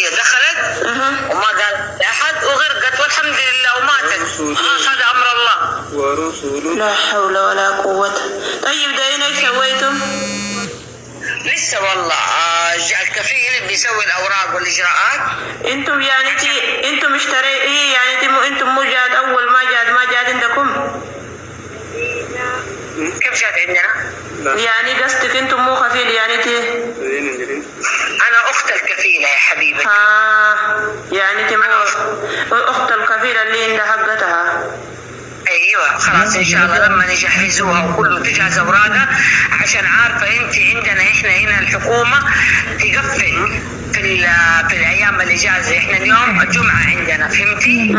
هي دخلت أه. وما قالت احد وغرقت والحمد لله وماتت آه، هذا امر الله ورسوله لا حول ولا قوه طيب داين ايش سويتم؟ لسه والله آه، الكفيل بيسوي الاوراق والاجراءات انتم يعني تي انتم اشتريت ايه يعني تي مو انتم مو جاد اول ما جاد ما جاد عندكم كيف جاد عندنا؟ يعني قصدك انتم مو خفيل يعني تي إيه، انا اخت الكفيله يا حبيبتي اه يعني تي مو اخت الكفيله اللي عندها حقتها ايوه خلاص ان شاء الله لما نجهزوها وكله تجهز اوراقها عشان عارفه انت عندنا احنا هنا الحكومه تقفل في في الايام الاجازه احنا اليوم الجمعه عندنا فهمتي؟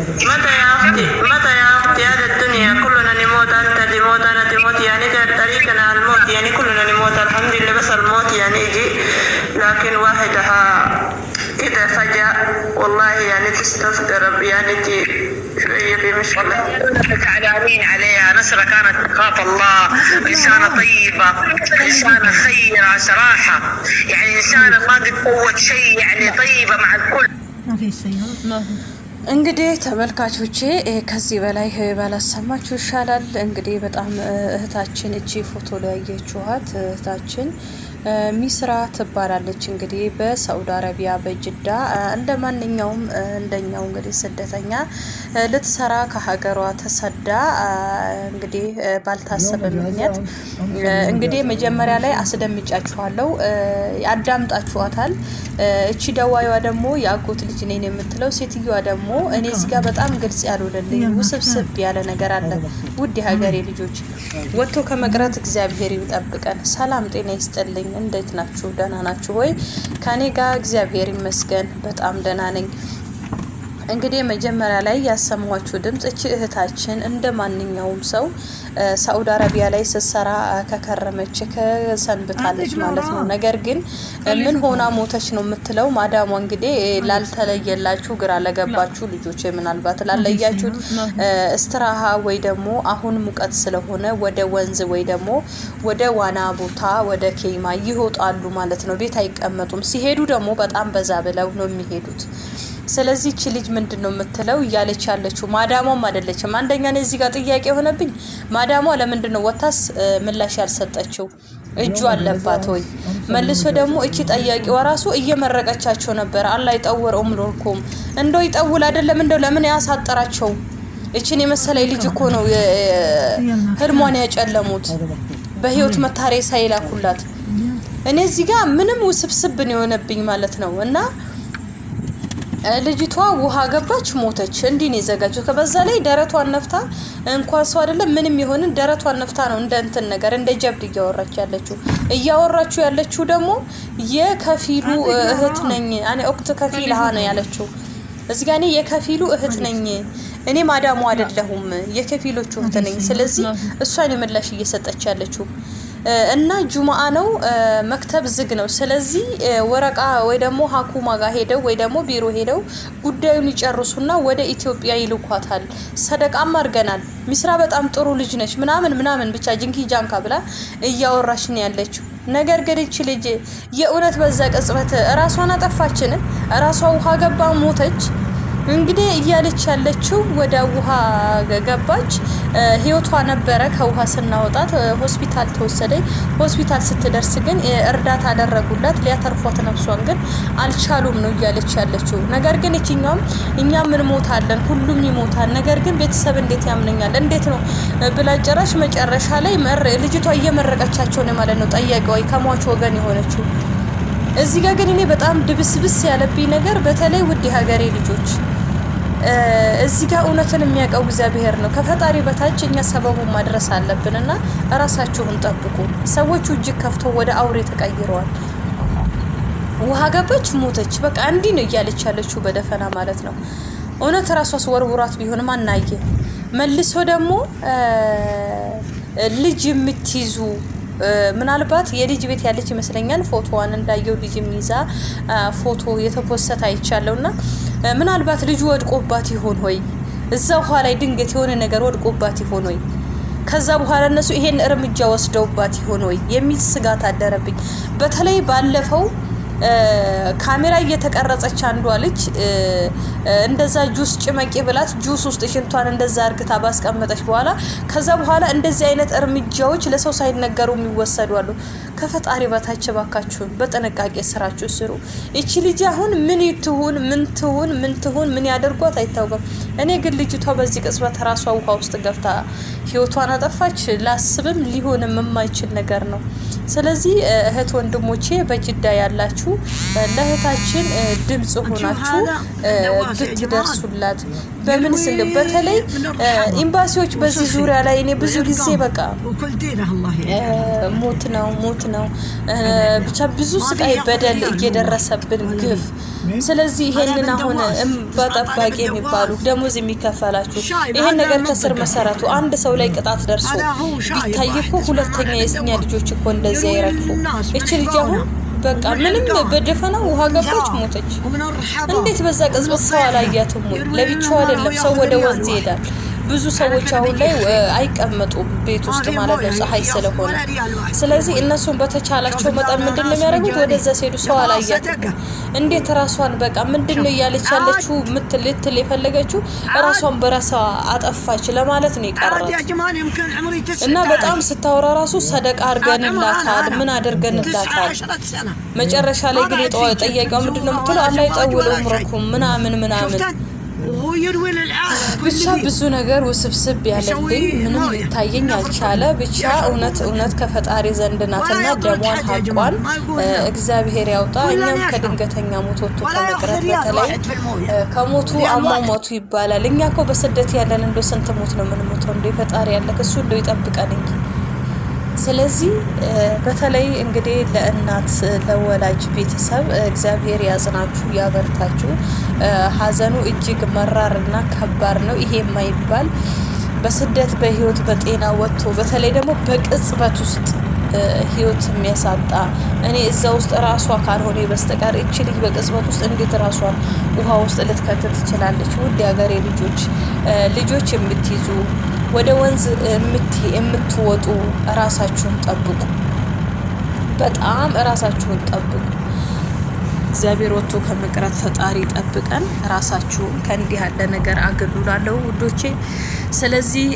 متى يا أختي متى يا أختي هذه الدنيا كلنا نموت أنت تموت أنا تموت يعني طريقنا الموت يعني كلنا نموت الحمد لله بس الموت يعني يجي إيه؟ لكن واحدها كده فجأة والله يعني تستغرب يعني تي شوية في مشكلة زعلانين عليها نصرة كانت تخاف الله إنسانة طيبة إنسانة خيرة صراحة يعني إنسانة ما قد قوت شيء يعني طيبة مع الكل ما في شيء ما في እንግዲህ ተመልካቾቼ ከዚህ በላይ ባላሰማችሁ ይሻላል። እንግዲህ በጣም እህታችን እቺ ፎቶ ላይ ያየችኋት እህታችን ሚስራ ትባላለች። እንግዲህ በሳውዲ አረቢያ በጅዳ እንደ ማንኛውም እንደኛው እንግዲህ ስደተኛ ልትሰራ ከሀገሯ ተሰዳ እንግዲህ ባልታሰበ ምክንያት እንግዲህ መጀመሪያ ላይ አስደምጫችኋለሁ፣ አዳምጣችኋታል። እቺ ደዋዩዋ ደግሞ የአጎት ልጅ ነኝ የምትለው ሴትዮዋ ደግሞ እኔ እዚጋ በጣም ግልጽ ያልሆነልኝ ውስብስብ ያለ ነገር አለ። ውድ የሀገሬ ልጆች ወጥቶ ከመቅረት እግዚአብሔር ይጠብቀን። ሰላም ጤና ይስጥልኝ። እንዴት ናችሁ? ደህና ናችሁ ወይ? ከኔ ጋር እግዚአብሔር ይመስገን በጣም ደህና ነኝ። እንግዲህ መጀመሪያ ላይ ያሰማችሁ ድምጽ እቺ እህታችን እንደ ማንኛውም ሰው ሳኡዲ አረቢያ ላይ ስትሰራ ከከረመች ከሰንብታለች ማለት ነው። ነገር ግን ምን ሆና ሞተች ነው የምትለው ማዳሟ። እንግዲህ ላልተለየላችሁ፣ ግራ ለገባችሁ ልጆች ምናልባት ላለያችሁ እስትራሃ ወይ ደግሞ አሁን ሙቀት ስለሆነ ወደ ወንዝ ወይ ደግሞ ወደ ዋና ቦታ ወደ ኬማ ይወጣሉ ማለት ነው። ቤት አይቀመጡም። ሲሄዱ ደግሞ በጣም በዛ ብለው ነው የሚሄዱት። ስለዚህ እቺ ልጅ ምንድን ነው የምትለው እያለች ያለችው ማዳሟም አይደለችም። አንደኛ እኔ እዚህ ጋር ጥያቄ የሆነብኝ ማዳሟ ለምንድን ነው ወታስ ምላሽ ያልሰጠችው? እጁ አለባት ወይ? መልሶ ደግሞ እቺ ጠያቂዋ ራሱ እየመረቀቻቸው ነበር አላ ይጠውር ኦምሎርኩም እንደው ይጠውል አይደለም እንደው ለምን ያሳጠራቸው? እችን የመሰለ ልጅ እኮ ነው ህልሟን ያጨለሙት በህይወት መታሪያ ሳይላኩላት። እኔ እዚህ ጋር ምንም ውስብስብን የሆነብኝ ማለት ነው እና ልጅቷ ውሃ ገባች፣ ሞተች። እንዲህ ነው የዘጋጀው። ከበዛ ላይ ደረቷን ነፍታ እንኳን ሰው አይደለም ምንም ይሆንን ደረቷን ነፍታ ነው እንደ እንትን ነገር እንደ ጀብድ እያወራች ያለችው። እያወራችሁ ያለችው ደግሞ የከፊሉ እህት ነኝ እኔ ኦክት ከፊል ሀ ነው ያለችው። እዚህ ጋ እኔ የከፊሉ እህት ነኝ እኔ ማዳሙ አይደለሁም የከፊሎቹ እህት ነኝ። ስለዚህ እሷን ምላሽ እየሰጠች ያለችው እና ጁማአ ነው፣ መክተብ ዝግ ነው። ስለዚህ ወረቃ ወይ ደግሞ ሀኩማ ጋር ሄደው ወይ ደግሞ ቢሮ ሄደው ጉዳዩን ይጨርሱና ወደ ኢትዮጵያ ይልኳታል። ሰደቃም አድርገናል። ሚስራ በጣም ጥሩ ልጅ ነች ምናምን ምናምን ብቻ ጅንኪ ጃንካ ብላ እያወራች ነው ያለችው። ነገር ግን እቺ ልጅ የእውነት በዛ ቅጽበት እራሷን አጠፋችን፣ እራሷ ውሃ ገባ ሞተች። እንግዲህ እያለች ያለችው ወደ ውሃ ገባች። ህይወቷ ነበረ ከውሃ ስናወጣት። ሆስፒታል ተወሰደች። ሆስፒታል ስትደርስ ግን እርዳታ አደረጉላት። ሊያተርፏት ነፍሷን ግን አልቻሉም ነው እያለች ያለችው። ነገር ግን እችኛውም እኛ ምን ሞታለን፣ ሁሉም ይሞታል። ነገር ግን ቤተሰብ እንዴት ያምነኛል? እንዴት ነው ብላ ጭራሽ መጨረሻ ላይ ልጅቷ እየመረቀቻቸው ነው ማለት ነው ጠያቂዋ ከሟች ወገን የሆነችው። እዚህ ጋር ግን እኔ በጣም ድብስብስ ያለብኝ ነገር በተለይ ውድ የሀገሬ ልጆች እዚህ ጋር እውነትን የሚያውቀው እግዚአብሔር ነው። ከፈጣሪ በታች እኛ ሰበቡ ማድረስ አለብን እና እራሳችሁን ጠብቁ። ሰዎቹ እጅግ ከፍቶ ወደ አውሬ ተቀይረዋል። ውሃ ገባች፣ ሞተች፣ በቃ እንዲህ ነው እያለች ያለችው በደፈና ማለት ነው። እውነት ራሷስ ወርውራት ቢሆንም አናየ መልሶ ደግሞ ልጅ የምትይዙ ምናልባት የልጅ ቤት ያለች ይመስለኛል። ፎቶዋን እንዳየው ልጅ የሚይዛ ፎቶ የተፖሰተ አይቻለሁ እና ምናልባት ልጁ ወድቆባት ይሆን ሆይ እዛ ውሃ ላይ ድንገት የሆነ ነገር ወድቆባት ይሆን ሆይ ከዛ በኋላ እነሱ ይሄን እርምጃ ወስደውባት ይሆን ወይ የሚል ስጋት አደረብኝ። በተለይ ባለፈው ካሜራ እየተቀረጸች አንዷ ልጅ እንደዛ ጁስ ጭመቂ ብላት ጁስ ውስጥ ሽንቷን እንደዛ እርግታ ባስቀመጠች በኋላ ከዛ በኋላ እንደዚህ አይነት እርምጃዎች ለሰው ሳይነገሩ የሚወሰዱ አሉ። ከፈጣሪ በታች ባካችሁን በጥንቃቄ ስራችሁ ስሩ። ይቺ ልጅ አሁን ምን ትሁን ምን ትሁን ምን ትሁን ምን ያደርጓት አይታወቅም። እኔ ግን ልጅቷ በዚህ ቅጽበት ራሷ ውሃ ውስጥ ገብታ ህይወቷን አጠፋች። ላስብም ሊሆንም የማይችል ነገር ነው። ስለዚህ እህት ወንድሞቼ በጅዳ ያላችሁ ሆናችሁ ለእህታችን ድምፅ ሆናችሁ ብትደርሱላት በምን ስል በተለይ ኤምባሲዎች በዚህ ዙሪያ ላይ እኔ ብዙ ጊዜ በቃ ሞት ነው ሞት ነው ብቻ ብዙ ስቃይ በደል እየደረሰብን ግፍ። ስለዚህ ይሄንን አሁን እንባ ጠባቂ የሚባሉ ደሞዝ የሚከፈላችሁ ይሄን ነገር ከስር መሰረቱ አንድ ሰው ላይ ቅጣት ደርሶ ቢታይ እኮ ሁለተኛ የኛ ልጆች እኮ እንደዚያ ይረግፉ። ይቺ አሁን በቃ ምንም በደፈና ውሃ ገባች፣ ሞተች። እንዴት በዛ ቅጽበት ሰው አላያትም ወይ? ለብቻው አይደለም ሰው ወደ ወንዝ ይሄዳል። ብዙ ሰዎች አሁን ላይ አይቀመጡም ቤት ውስጥ ማለት ነው፣ ፀሐይ ስለሆነ። ስለዚህ እነሱን በተቻላቸው መጠን ምንድን ነው የሚያደርጉት? ወደዛ ሲሄዱ ሰው አላያት እንዴት ራሷን በቃ ምንድን ነው እያለች ያለችው ልትል የፈለገችው ራሷን በራሷ አጠፋች ለማለት ነው የቀራት እና በጣም ስታወራ ራሱ ሰደቃ አድርገንላታል፣ ምን አድርገንላታል። መጨረሻ ላይ ግን የጠያቂዋ ምንድን ነው የምትለው? አላህ ይጠውል ዑምረኩም ምናምን ምናምን ብቻ ብዙ ነገር ውስብስብ ያለብኝ ምንም ሊታየኝ አልቻለ። ብቻ እውነት እውነት ከፈጣሪ ዘንድ ናትና ደሟን ሀቋን እግዚአብሔር ያውጣ። እኛም ከድንገተኛ ሞት ወጥቶ ከመቅረት በተለይ ከሞቱ አሟሟቱ ይባላል። እኛ ኮ በስደት ያለን እንደ ስንት ሞት ነው የምንሞተው። እንደ ፈጣሪ ያለ እሱ እንደ ይጠብቀን እንጂ ስለዚህ በተለይ እንግዲህ ለእናት ለወላጅ ቤተሰብ እግዚአብሔር ያጽናችሁ፣ ያበርታችሁ። ሀዘኑ እጅግ መራርና ከባድ ነው። ይሄ የማይባል በስደት በህይወት በጤና ወጥቶ በተለይ ደግሞ በቅጽበት ውስጥ ህይወት የሚያሳጣ እኔ እዛ ውስጥ ራሷ ካልሆነ በስተቀር እች ልጅ በቅጽበት ውስጥ እንዴት ራሷን ውሃ ውስጥ ልትከትት ትችላለች? ውድ የሀገሬ ልጆች ልጆች የምትይዙ ወደ ወንዝ የምትወጡ እራሳችሁን ጠብቁ። በጣም እራሳችሁን ጠብቁ። እግዚአብሔር ወጥቶ ከመቅረት ፈጣሪ ጠብቀን፣ ራሳችሁን ከእንዲህ ያለ ነገር አገሉላለሁ ውዶቼ። ስለዚህ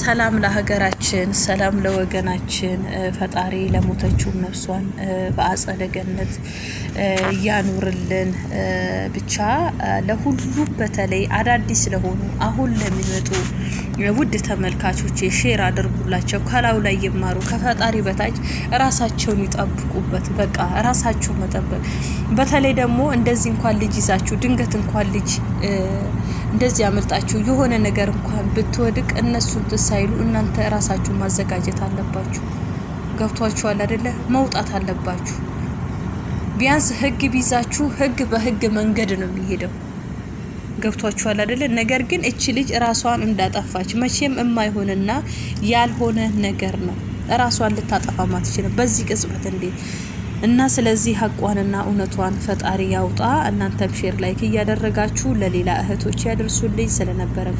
ሰላም ለሀገራችን፣ ሰላም ለወገናችን። ፈጣሪ ለሞተችው ነፍሷን በአጸደ ገነት እያኑርልን። ብቻ ለሁሉም በተለይ አዳዲስ ለሆኑ አሁን ለሚመጡ ውድ ተመልካቾች ሼር አድርጉላቸው። ከላዩ ላይ ይማሩ። ከፈጣሪ በታች ራሳቸውን ይጠብቁበት። በቃ ራሳቸው መጠበቅ። በተለይ ደግሞ እንደዚህ እንኳን ልጅ ይዛችሁ ድንገት እንኳን ልጅ እንደዚህ ያመልጣችሁ የሆነ ነገር እንኳን ብትወድቅ እነሱን ትሳይሉ እናንተ ራሳችሁ ማዘጋጀት አለባችሁ። ገብቷችኋል አደለ መውጣት አለባችሁ። ቢያንስ ህግ ቢይዛችሁ ህግ በህግ መንገድ ነው የሚሄደው። ገብቷችኋል አይደለ? ነገር ግን እቺ ልጅ ራሷን እንዳጠፋች መቼም የማይሆንና ያልሆነ ነገር ነው። ራሷን ልታጠፋ ማትችልም በዚህ ቅጽበት እንዴ! እና ስለዚህ ሀቋንና እውነቷን ፈጣሪ ያውጣ። እናንተም ሼር ላይክ እያደረጋችሁ ለሌላ እህቶች ያደርሱልኝ ስለነበረ